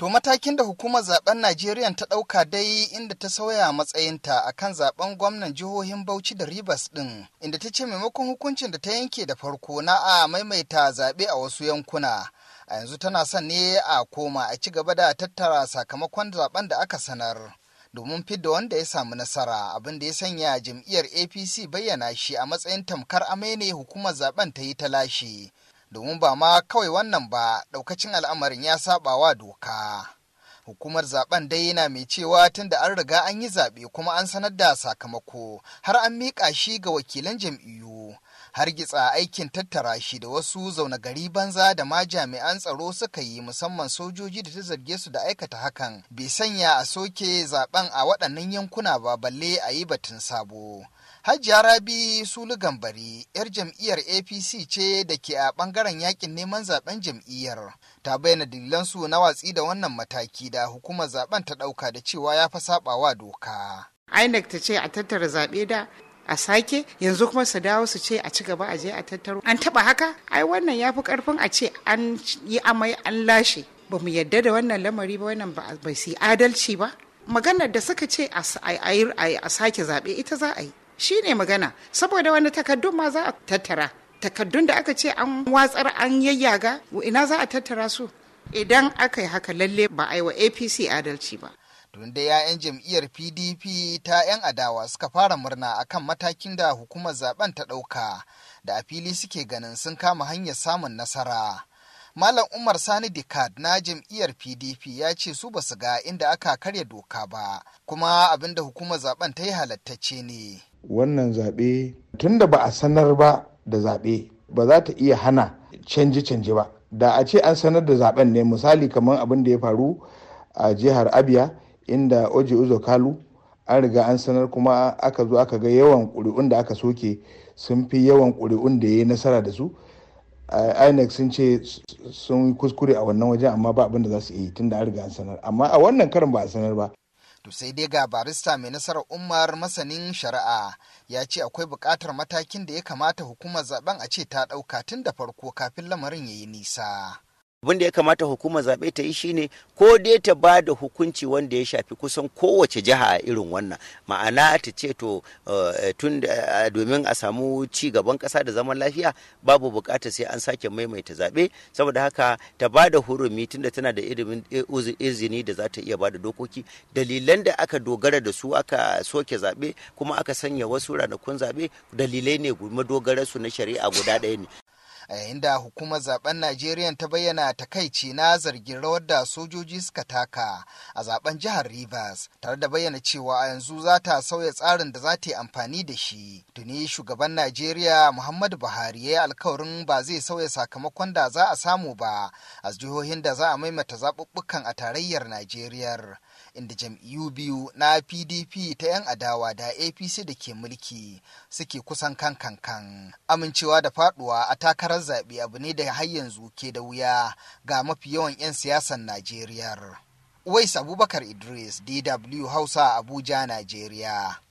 To matakin da hukumar zaben Najeriya ta ɗauka dai inda ta sauya matsayinta a kan zaben gwamnan jihohin Bauchi da Rivers ɗin, inda ta ce maimakon hukuncin da ta yanke da farko na a maimaita zaɓe a wasu yankuna. A yanzu tana son ne a koma a ci gaba da tattara sakamakon zaben da aka sanar. Domin fidda wanda ya samu nasara abin da ya sanya jam'iyyar APC bayyana shi a matsayin tamkar amene hukumar zaben ta yi ta lashe. domin ba ma kawai wannan ba daukacin al'amarin ya saba wa doka hukumar zaben dai yana mai cewa tun da an riga an yi zaɓe kuma an sanar da sakamako har an miƙa shi ga wakilan jam'iyyu har gitsa aikin tattara shi da wasu zaune gari banza da ma jami'an tsaro suka yi musamman sojoji da ta zarge su da aikata hakan bai sanya a soke zaben a waɗannan yankuna ba balle a yi batun sabo Hajiya Rabi Sulu Gambari, 'yar jam'iyyar APC ce da ke a ɓangaren yakin neman zaben jam'iyyar. Ta bayyana dalilansu na watsi da wannan mataki da hukumar zaben ta ɗauka da cewa ya fa sabawa doka. INEC ta ce a tattara zaɓe da a sake yanzu kuma su dawo su ce a ci gaba a je a tattaro an taba haka ai wannan ya fi ƙarfin a ce an yi amai an lashe ba mu yadda da wannan lamari ba wannan ba su adalci ba maganar da suka ce a sake zaɓe ita za a yi Shi ne magana saboda wani takaddun ma za a tattara takaddun da aka ce an watsar an yayyaga ina za a tattara su idan aka yi haka lalle ba a yi wa apc adalci ba tun da 'ya'yan jam'iyyar pdp ta 'yan adawa suka fara murna akan matakin da hukumar zaben ta ɗauka da a fili suke ganin sun kama hanyar samun nasara malam umar sani dikad na jam'iyyar pdp ya ce su basu ga inda aka karya doka ba kuma abinda hukumar zaben ta yi halattacce ne wannan zaɓe tun da ba a sanar ba da zaɓe ba za ta iya hana canje-canje ba da a ce an sanar da zaɓen ne misali kamar abin da ya faru a jihar abia inda oji uzo kalu an riga an sanar kuma aka zo aka ga yawan ƙuri'un da aka soke sun fi yawan ƙuri'un da ya yi nasara da su inec sun ce sun kuskure a wannan wajen amma ba abin da za su yi tun da an riga an sanar amma a wannan karin ba a sanar ba To sai dai ga barista mai nasarar Umar masanin shari'a ya ce akwai buƙatar matakin da ya kamata hukumar zaben a ce ta ɗauka tun da farko kafin lamarin ya yi nisa. abin da ya kamata hukumar zaɓe ta yi shine ko dai ta ba da hukunci wanda ya shafi kusan kowace jiha a irin wannan ma'ana ta ce to eh, eh, domin a samu ci gaban ƙasa da zaman lafiya babu buƙatar sai an sake maimaita zaɓe saboda haka ta ba da hurumi tunda tana da eh, izini da za ta iya ba da dokoki dalilan da aka dogara da su aka soke zaɓe kuma aka sanya wasu ranakun zaɓe dalilai ne madogararsu na shari'a guda ɗaya ne a yayin da hukumar zaben Najeriya ta bayyana takaici na zargin rawar da sojoji suka taka a zaben jihar Rivers tare da bayyana cewa a yanzu za ta sauya tsarin da za ta yi amfani da shi. Tuni shugaban Najeriya Muhammadu Buhari ya yi alkawarin ba zai sauya sakamakon da za a samu ba a jihohin da za a maimaita zaɓuɓɓukan a tarayyar Najeriya. inda jam'iyyu biyu na pdp ta 'yan adawa da apc da ke mulki suke kusan kan kankan amincewa da faduwa a takarar babban zaɓe abu ne da har yanzu ke da wuya ga mafi yawan 'yan siyasar Najeriya. Uwais Abubakar Idris, DW Hausa, Abuja, Najeriya.